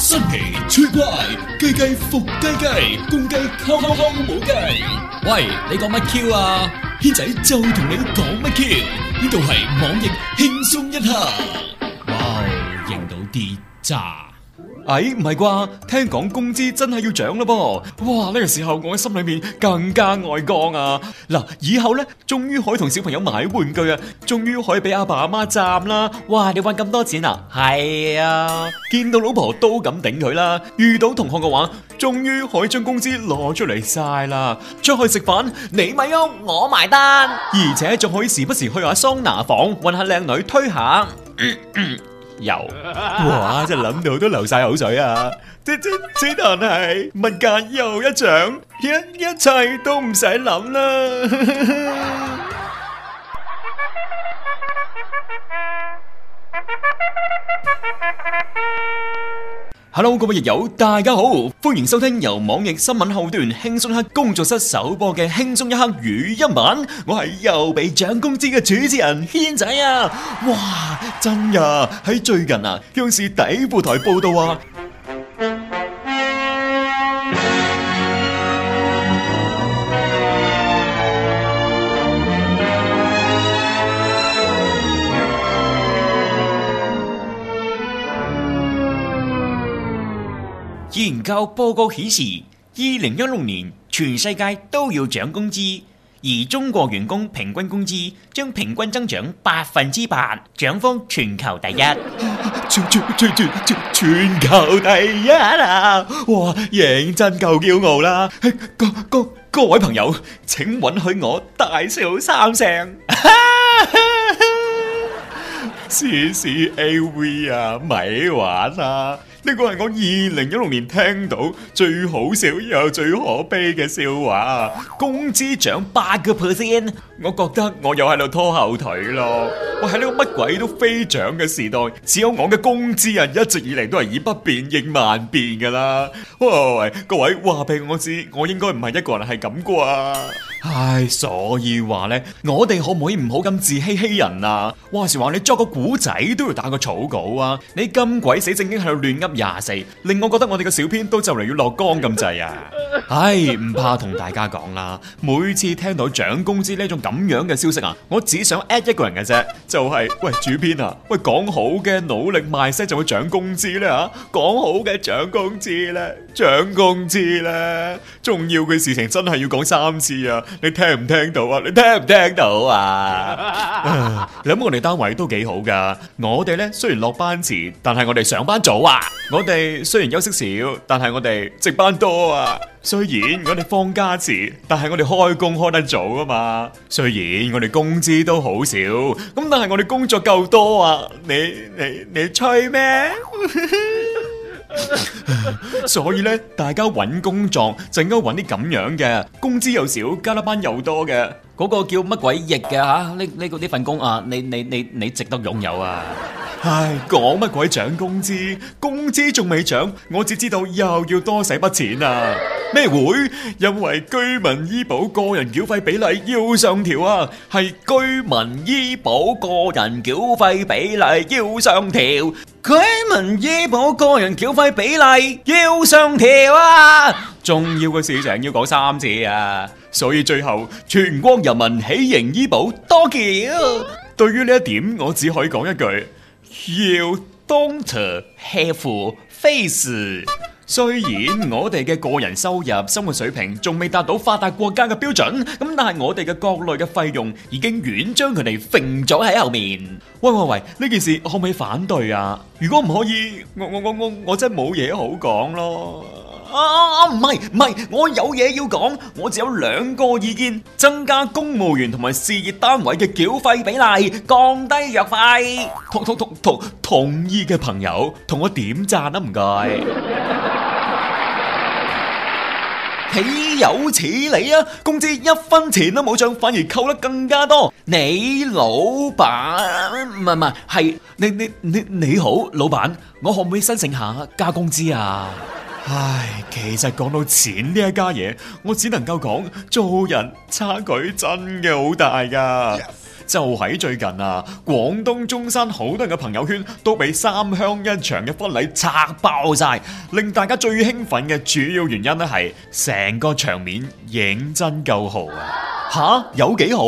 新奇趣怪，雞雞伏雞雞，公雞敲敲敲冇雞。喂，你講乜 Q 啊？軒仔就同你講乜 Q？呢度係網易輕鬆一刻。哇哦，認到啲渣。哎，唔係啩？聽講工資真係要漲咯噃！哇，呢、這個時候我喺心裏面更加愛光啊！嗱，以後呢，終於可以同小朋友買玩具啊，終於可以俾阿爸阿媽讚啦！哇，你揾咁多錢啊？係啊，見到老婆都咁頂佢啦！遇到同學嘅話，終於可以將工資攞出嚟晒啦，出去食飯你咪喐我埋單，啊、而且仲可以時不時去下桑拿房，揾下靚女推下。嗯嗯有，油哇！真係諗到都流晒口水啊！只只只，但係物價又一漲，一一切都唔使諗啦。 hello，各位友友，大家好，歡迎收聽由網易新聞後段輕鬆一刻工作室首播嘅輕鬆一刻語音版，我係又被漲工資嘅主持人軒仔啊！哇，真呀！喺最近啊，央視第一部台報道啊。研究報告顯示，二零一六年全世界都要漲工資，而中國員工平均工資將平均增長百分之八，漲幅全球第一。 全全全全，全球第一啊！哇，認真夠驕傲啦！各、哎、各各位朋友，請允許我大笑三聲。CCAV 啊，咪玩啊！呢個係我二零一六年聽到最好笑又最可悲嘅笑話。工資漲八個 percent，我覺得我又喺度拖後腿咯。我喺呢個乜鬼都飛漲嘅時代，只有我嘅工資啊，一直以嚟都係以不變應萬變噶啦。喂，各位話俾我知，我應該唔係一個人係咁啩？唉，所以話呢，我哋可唔可以唔好咁自欺欺人啊？話時話你作個古仔都要打個草稿啊！你咁鬼死正經喺度亂噏廿四，令我覺得我哋嘅小編都就嚟要落崗咁滯啊！唉，唔怕同大家講啦，每次聽到漲工資呢種咁樣嘅消息啊，我只想 at 一個人嘅啫，就係、是、喂主編啊，喂講好嘅努力賣聲就會漲工資咧吓，講好嘅漲工資咧，漲工資咧，重要嘅事情真係要講三次啊！你聽唔聽到啊？你聽唔聽到啊？你諗我哋單位都幾好噶？我哋呢雖然落班遲，但係我哋上班早啊！我哋雖然休息少，但係我哋值班多啊！雖然我哋放假遲，但係我哋開工開得早啊嘛！雖然我哋工資都好少，咁但係我哋工作夠多啊！你你你吹咩？ 所以咧，大家揾工作就應該揾啲咁樣嘅，工資又少，加得班又多嘅。嗰個叫乜鬼翼嘅吓？呢呢個呢份工啊，你你你你，你值得擁有啊！唉，講乜鬼漲工資？工資仲未漲，我只知道又要多使筆錢啊！咩會？因為居民醫保個人繳費比例要上調啊！係居民醫保個人繳費比例要上調，居民醫保個人繳費比例要上調啊！重要嘅事情要講三次啊！所以最後，全國人民喜迎醫保多繳。 對於呢一點，我只可以講一句。You don't have face。雖然我哋嘅個人收入、生活水平仲未達到發達國家嘅標準，咁但係我哋嘅國內嘅費用已經遠將佢哋揈咗喺後面。喂喂喂，呢件事可唔可以反對啊？如果唔可以，我我我我我，我，我真冇嘢好講咯。啊唔係唔係，我有嘢要講，我只有兩個意見：增加公務員同埋事業單位嘅繳費比例，降低藥費。同同同同同意嘅朋友，同我點讚啊！唔該。豈 有此理啊！工資一分錢都冇漲，反而扣得更加多。你老闆？唔係唔係，係你你你你好，老闆，我可唔可以申請下加工資啊？唉，其實講到錢呢一家嘢，我只能夠講做人差距真嘅好大噶。Yes! 就喺最近啊，廣東中山好多人嘅朋友圈都俾三鄉一場嘅婚禮拆爆晒，令大家最興奮嘅主要原因咧係成個場面認真夠豪啊！吓，有幾豪？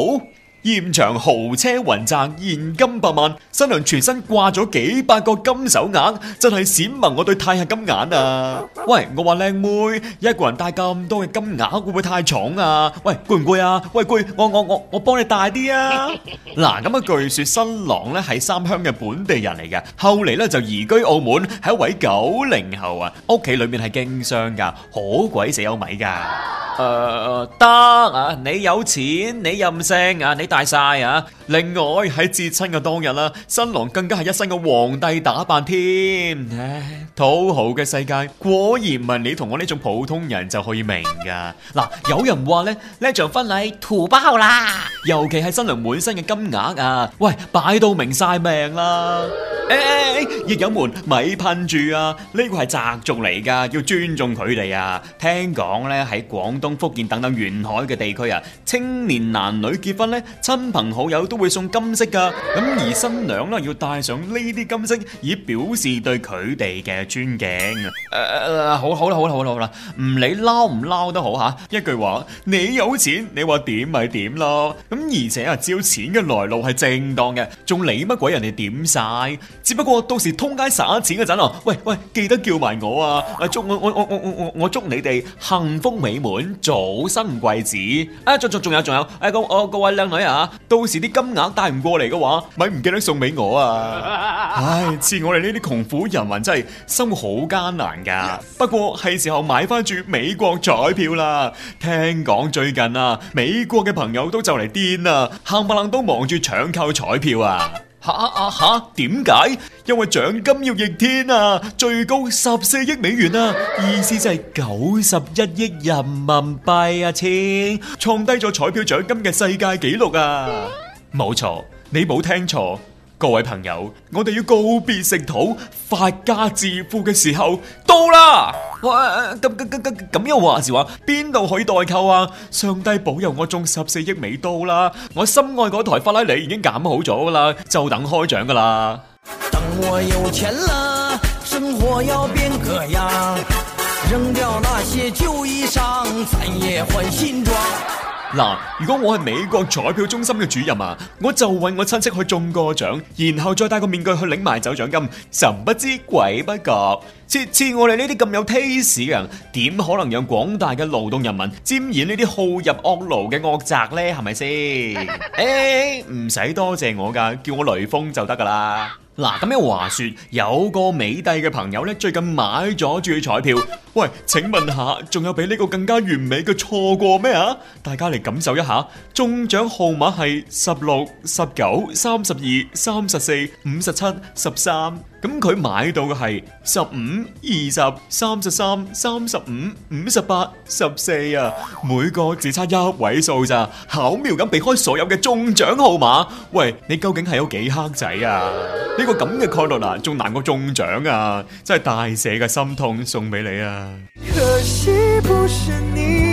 現場豪車雲集，現金百萬，新娘全身掛咗幾百個金手鐲，真係閃盲我對太陽金眼啊！喂，我話靚妹，一個人帶咁多嘅金額會唔會太重啊？喂，攰唔攰啊？喂，攰，我我我我幫你帶啲啊！嗱，咁啊，據說新郎咧係三鄉嘅本地人嚟嘅，後嚟咧就移居澳門，係一位九零後啊，屋企裏面係經商噶，好鬼死有米噶。誒，得啊，你有錢，你任性啊，你。大晒啊！另外喺接親嘅當日啦，新郎更加係一身嘅皇帝打扮添。唉，土豪嘅世界果然唔係你同我呢種普通人就可以明噶。嗱，有人話咧呢場婚禮土包啦，尤其係新郎滿身嘅金額啊，喂，擺到明晒命啦！誒誒誒，易友們咪噴住啊！呢個係習俗嚟噶，要尊重佢哋啊。聽講咧喺廣東、福建等等沿海嘅地區啊，青年男女結婚咧，親朋好友都會送金飾㗎，咁而新娘呢要戴上呢啲金飾，以表示對佢哋嘅尊敬。誒，好，好啦，好啦，好啦，好啦，唔理撈唔撈都好吓，一句話，你有錢，你話點咪點咯。咁而且啊，只要錢嘅來路係正當嘅，仲理乜鬼人哋點晒？只不過到時通街耍錢嗰陣啊，喂喂，記得叫埋我啊！祝我我我我我我祝你哋幸福美滿，早生貴子啊！再再。仲有仲有，哎，個我各位靚女啊，到時啲金額帶唔過嚟嘅話，咪唔記得送俾我啊！唉，似我哋呢啲窮苦人，真係生活好艱難噶。不過係時候買翻注美國彩票啦，聽講最近啊，美國嘅朋友都就嚟癲啦，冚唪唥都忙住搶購彩票啊！吓吓吓！點解啊？因為獎金要逆天啊，最高十四億美元啊，意思就係九十一億人民幣啊，千創低咗彩票獎金嘅世界紀錄啊！冇錯，你冇聽錯。各位朋友，我哋要告別食土、發家致富嘅時候到啦！哇、啊，咁咁咁咁咁又話時話，邊度可以代購啊？上帝保佑我中十四億美刀啦！我心愛嗰台法拉利已經減好咗噶啦，就等開獎噶啦。等我有錢嗱，如果我係美國彩票中心嘅主任啊，我就為我親戚去中個獎，然後再戴個面具去領埋走獎金，神不知鬼不覺。切切，我哋呢啲咁有 taste 嘅人，點可能讓廣大嘅勞動人民沾染呢啲好逸惡勞嘅惡習呢？係咪先？誒、 欸，唔使多謝我噶，叫我雷鋒就得噶啦。嗱，咁樣話說，有個美帝嘅朋友咧，最近買咗注彩票。喂，請問下，仲有比呢個更加完美嘅錯過咩啊？大家嚟感受一下，中獎號碼係十六、十九、三十二、三十四、五十七、十三。咁佢買到嘅係十五、二十、三十三、三十五、五十八、十四啊，每個只差一位數咋，巧妙咁避開所有嘅中獎號碼。喂，你究竟係有幾黑仔啊？呢個咁嘅概率啊，仲難過中獎啊，真係大寫嘅心痛，送俾你啊！可惜不是你。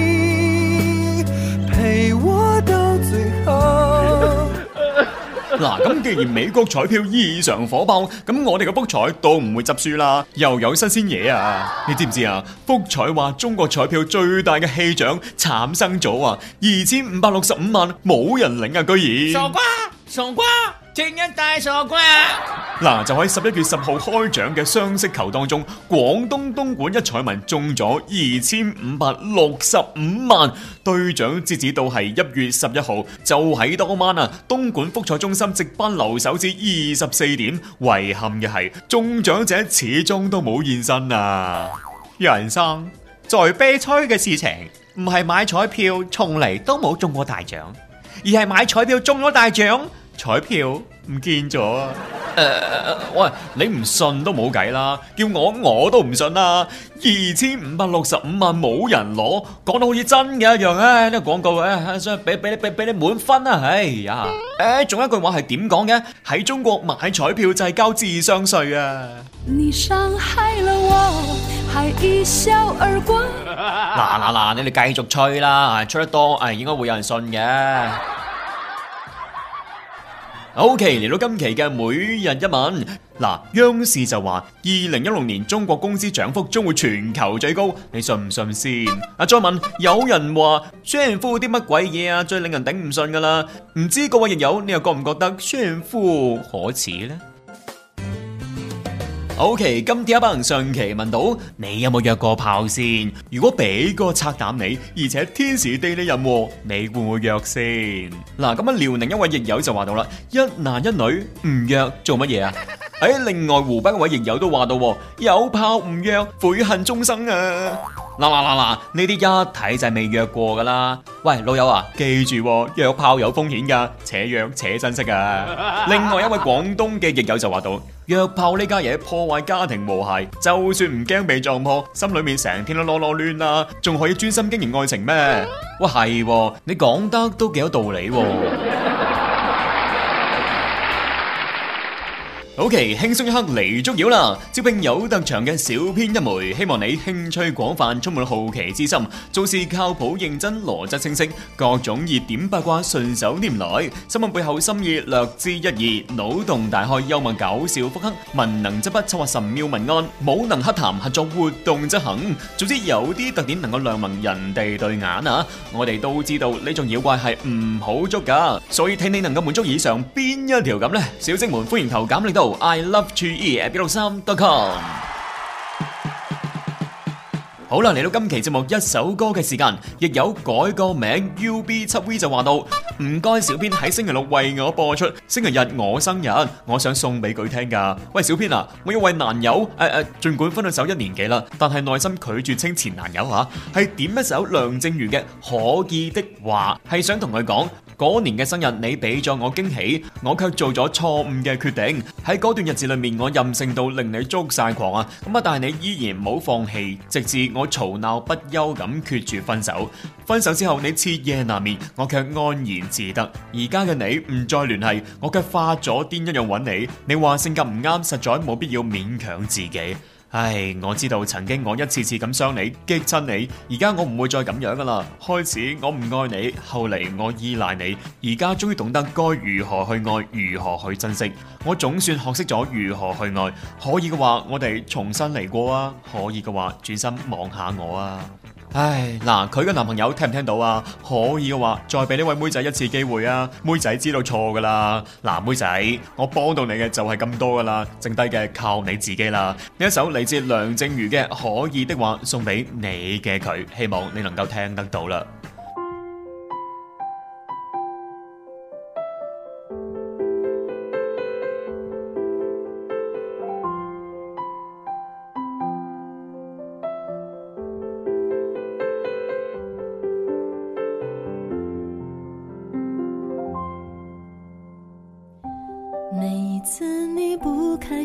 嗱，咁、啊、既然美國彩票異常火爆，咁我哋嘅福彩都唔會執輸啦，又有新鮮嘢啊！你知唔知啊？福彩話中國彩票最大嘅棄獎產生咗啊，二千五百六十五萬冇人領啊，居然！傻瓜，傻瓜，正一大傻瓜。嗱、啊，就喺十一月十號開獎嘅雙色球當中，廣東東莞一彩民中咗二千五百六十五萬，兌獎截止到係一月十一號。就喺當晚啊，東莞福彩中心值班留守至二十四點，遺憾嘅係中獎者始終都冇現身啊！人生最悲催嘅事情，唔係買彩票從嚟都冇中過大獎，而係買彩票中咗大獎，彩票唔見咗？誒、呃，喂，你唔信都冇計啦，叫我我都唔信啦。二千五百六十五萬冇人攞，講到好似真嘅一樣，欸這個廣欸、啊！呢個廣告啊，想俾俾你俾俾你滿分啊！哎呀，誒，仲有一句話係點講嘅？喺中國買彩票就係交智商稅啊！你傷害了我，還一笑而過，嗱嗱嗱，你哋繼續吹啦，吹得多，係應該會有人信嘅。好，嚟、okay, 到今期嘅每日一問，嗱，央視就話二零一六年中國工資漲幅將會全球最高，你信唔信先？啊，再問，有人話炫富啲乜鬼嘢啊，最令人頂唔順噶啦，唔知各位亦友，你又覺唔覺得炫富可恥呢？O.K. 今朝一班人上期問到你有冇約過炮先？如果俾個拆膽你，而且天時地利人和，你會唔會約先？嗱，咁樣遼寧一位亦友就話到啦：一男一女唔約做乜嘢啊？喺另外湖北一位亦友都話到：有炮唔約悔恨終生啊！嗱嗱嗱嗱，呢啲一睇就係未約過噶啦。喂，老友啊，記住，約炮有風險噶，且約且珍惜啊！另外一位廣東嘅亦友就話到。約炮呢家嘢破壞家庭和諧，就算唔驚被撞破，心裏面成天都囉囉亂啦，仲可以專心經營愛情咩？喂係， 喎，你講得都幾有道理，喎。 Okay，輕鬆一刻，嚟捉妖啦！招聘有特長嘅小編一枚，希望你興趣廣泛，充滿好奇之心，做事靠譜認真，邏輯清晰，各種熱點八卦，順手拈來，新聞背後心意略知一二，腦洞大開，幽默搞笑，腹黑，文能執筆策劃神妙文案，冇能黑談，合作活動執行，總之有啲特點能夠亮明人哋對眼啊，我哋都知道，呢種妖怪係唔好捉㗎，所以睇你能夠滿足以上，邊一條咁呢，小編們歡迎投簡歷到，I Love o E at 六三 .com。 好啦，嚟到今期節目一首歌嘅時間，亦有改個名 U B 七 V 就話到，唔該 小編喺星期六為我播出，星期日我生日，我想送俾佢聽噶。喂，小編啊，我有位男友誒誒，盡、啊啊、管分咗手一年幾啦，但係內心拒絕稱前男友吓、啊，係點一首梁靜茹嘅《可意的話》，係想同佢講。嗰年嘅生日，你俾咗我驚喜，我卻做咗錯誤嘅決定。喺嗰段日子裏面，我任性到令你捉晒狂啊！咁啊，但係你依然冇放棄，直至我嘈吵鬧不休咁決絕分手。分手之後，你徹夜難眠，我卻安然自得。而家嘅你唔再聯繫，我卻化咗癲一樣揾你。你話性格唔啱，實在冇必要勉強自己。唉，我知道曾經我一次次咁傷你，激親你。而家我唔會再咁樣噶啦。開始我唔愛你，後嚟我依賴你，而家終於懂得該如何去愛，如何去珍惜。我總算學識咗如何去愛。可以嘅話，我哋重新嚟過啊！可以嘅話，轉身望下我啊！唉，嗱，佢嘅男朋友聽唔聽到啊？可以嘅話，再俾呢位妹仔一次機會啊！妹仔知道錯噶啦，嗱，妹仔，我幫到你嘅就係咁多噶啦，剩低嘅靠你自己啦。呢一首嚟自梁靜茹嘅《可以的話》，送俾你嘅佢，希望你能夠聽得到啦。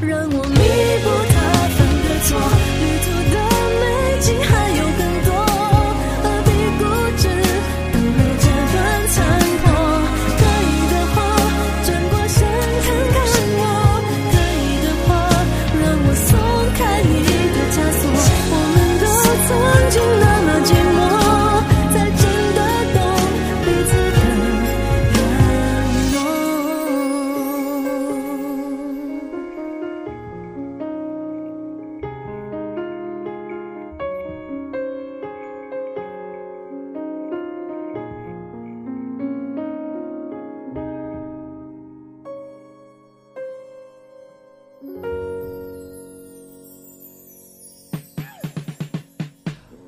讓我彌補。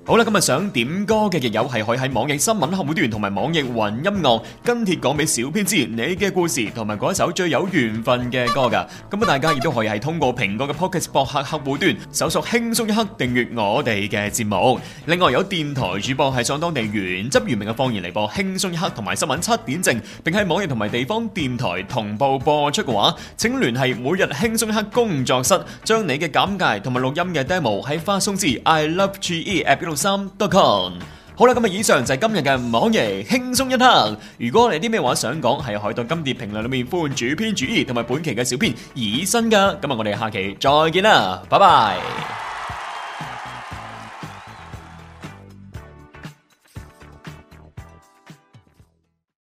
好啦，今日想點歌嘅亦有係可以喺網易新聞客戶端同埋網易雲音樂跟帖講俾小編知你嘅故事同埋嗰一首最有緣分嘅歌噶。咁啊大家亦都可以係通過蘋果嘅 Podcast 博客客戶端搜索輕鬆一刻訂閱我哋嘅節目。另外有電台主播係上當地原汁原味嘅方言嚟播輕鬆一刻同埋新聞七點正，並喺網易同埋地方電台同步播出嘅話，請聯繫每日輕鬆一刻工作室，將你嘅簡介同埋錄音嘅 demo 喺發送至 I Love GE App 裏。com 好啦，咁以上就係今日嘅網易輕鬆一刻。如果你有啲咩話想講，喺海盜金碟評論裏面歡迎主編主義同埋本期嘅小編以身噶。今日我哋下期再見啦，拜拜。